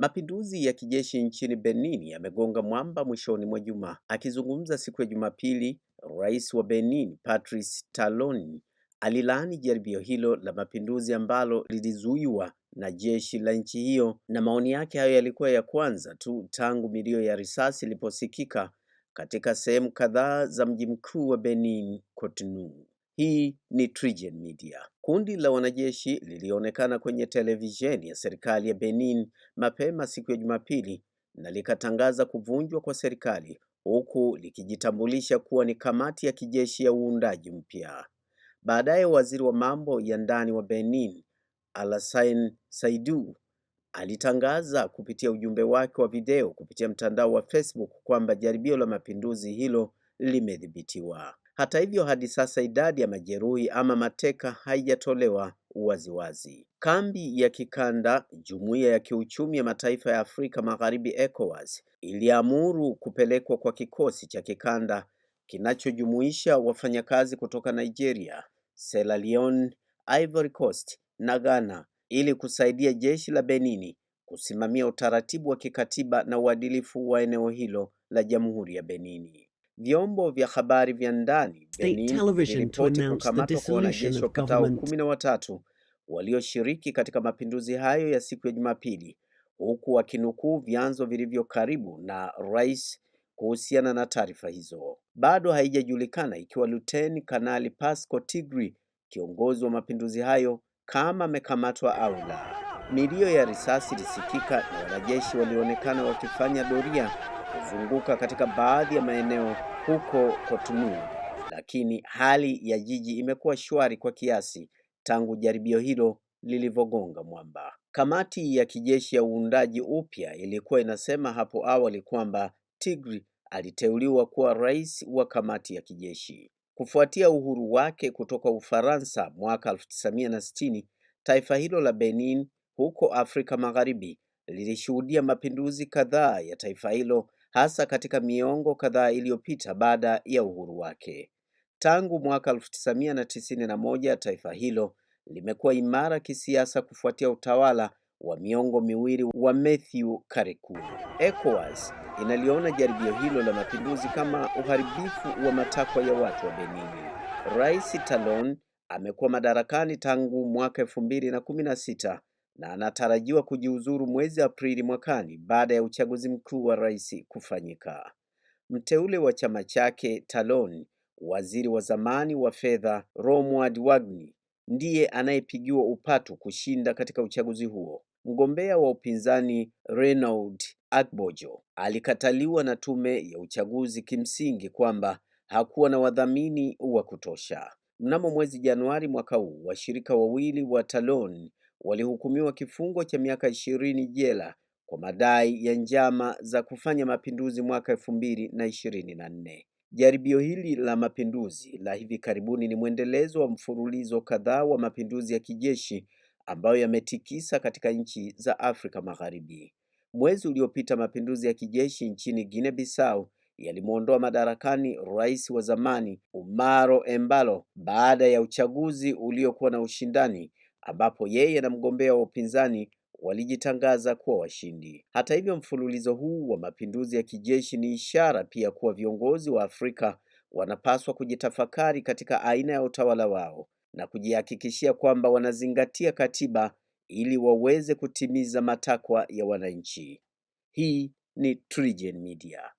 Mapinduzi ya kijeshi nchini Benin yamegonga mwamba mwishoni mwa jumaa. Akizungumza siku ya Jumapili, rais wa Benin Patrice Talon alilaani jaribio hilo la mapinduzi ambalo lilizuiwa na jeshi la nchi hiyo, na maoni yake hayo yalikuwa ya kwanza tu tangu milio ya risasi iliposikika katika sehemu kadhaa za mji mkuu wa Benin, Cotonou. Hii ni Trigen Media. Kundi la wanajeshi lilionekana kwenye televisheni ya serikali ya Benin mapema siku ya Jumapili na likatangaza kuvunjwa kwa serikali huku likijitambulisha kuwa ni kamati ya kijeshi ya uundaji mpya. Baadaye waziri wa mambo ya ndani wa Benin Alassane Saidu alitangaza kupitia ujumbe wake wa video kupitia mtandao wa Facebook kwamba jaribio la mapinduzi hilo limedhibitiwa. Hata hivyo, hadi sasa idadi ya majeruhi ama mateka haijatolewa waziwazi. Kambi ya kikanda Jumuiya ya Kiuchumi ya Mataifa ya Afrika Magharibi ECOWAS iliamuru kupelekwa kwa kikosi cha kikanda kinachojumuisha wafanyakazi kutoka Nigeria, Sierra Leone, Ivory Coast na Ghana ili kusaidia jeshi la Benini kusimamia utaratibu wa kikatiba na uadilifu wa eneo hilo la Jamhuri ya Benini vyombo vya habari vya ndani viliripoti kukamatwa kwa wanajeshi wapatao kumi na watatu walioshiriki katika mapinduzi hayo ya siku ya Jumapili, huku wakinukuu vyanzo vilivyo karibu na rais kuhusiana na taarifa hizo. Bado haijajulikana ikiwa Luteni Kanali Pasco Tigri, kiongozi wa mapinduzi hayo, kama amekamatwa au la. Milio ya risasi ilisikika na wanajeshi walionekana wakifanya doria kuzunguka katika baadhi ya maeneo huko Cotonou, lakini hali ya jiji imekuwa shwari kwa kiasi tangu jaribio hilo lilivyogonga mwamba. Kamati ya kijeshi ya uundaji upya ilikuwa inasema hapo awali kwamba Tigri aliteuliwa kuwa rais wa kamati ya kijeshi kufuatia uhuru wake kutoka Ufaransa mwaka 1960. Taifa hilo la Benin huko Afrika Magharibi lilishuhudia mapinduzi kadhaa ya taifa hilo hasa katika miongo kadhaa iliyopita baada ya uhuru wake. Tangu mwaka 1991 taifa hilo limekuwa imara kisiasa kufuatia utawala wa miongo miwili wa Matthew Kariku. ECOWAS inaliona jaribio hilo la mapinduzi kama uharibifu wa matakwa ya watu wa Benini. Rais Talon amekuwa madarakani tangu mwaka elfu mbili na kumi na sita na anatarajiwa kujiuzuru mwezi Aprili mwakani baada ya uchaguzi mkuu wa rais kufanyika. Mteule wa chama chake Talon, waziri wa zamani wa fedha Romwald Wagner ndiye anayepigiwa upatu kushinda katika uchaguzi huo. Mgombea wa upinzani Reynold Akbojo alikataliwa na tume ya uchaguzi kimsingi kwamba hakuwa na wadhamini wa kutosha. Mnamo mwezi Januari mwaka huu, washirika wawili wa Talon walihukumiwa kifungo cha miaka ishirini jela kwa madai ya njama za kufanya mapinduzi mwaka elfu mbili na ishirini na nne. Jaribio hili la mapinduzi la hivi karibuni ni mwendelezo wa mfululizo kadhaa wa mapinduzi ya kijeshi ambayo yametikisa katika nchi za Afrika Magharibi. Mwezi uliopita, mapinduzi ya kijeshi nchini Guinea Bissau yalimwondoa madarakani rais wa zamani Umaro Embalo baada ya uchaguzi uliokuwa na ushindani ambapo yeye na mgombea wa upinzani walijitangaza kuwa washindi. Hata hivyo, mfululizo huu wa mapinduzi ya kijeshi ni ishara pia kuwa viongozi wa Afrika wanapaswa kujitafakari katika aina ya utawala wao na kujihakikishia kwamba wanazingatia katiba ili waweze kutimiza matakwa ya wananchi. Hii ni TriGen Media.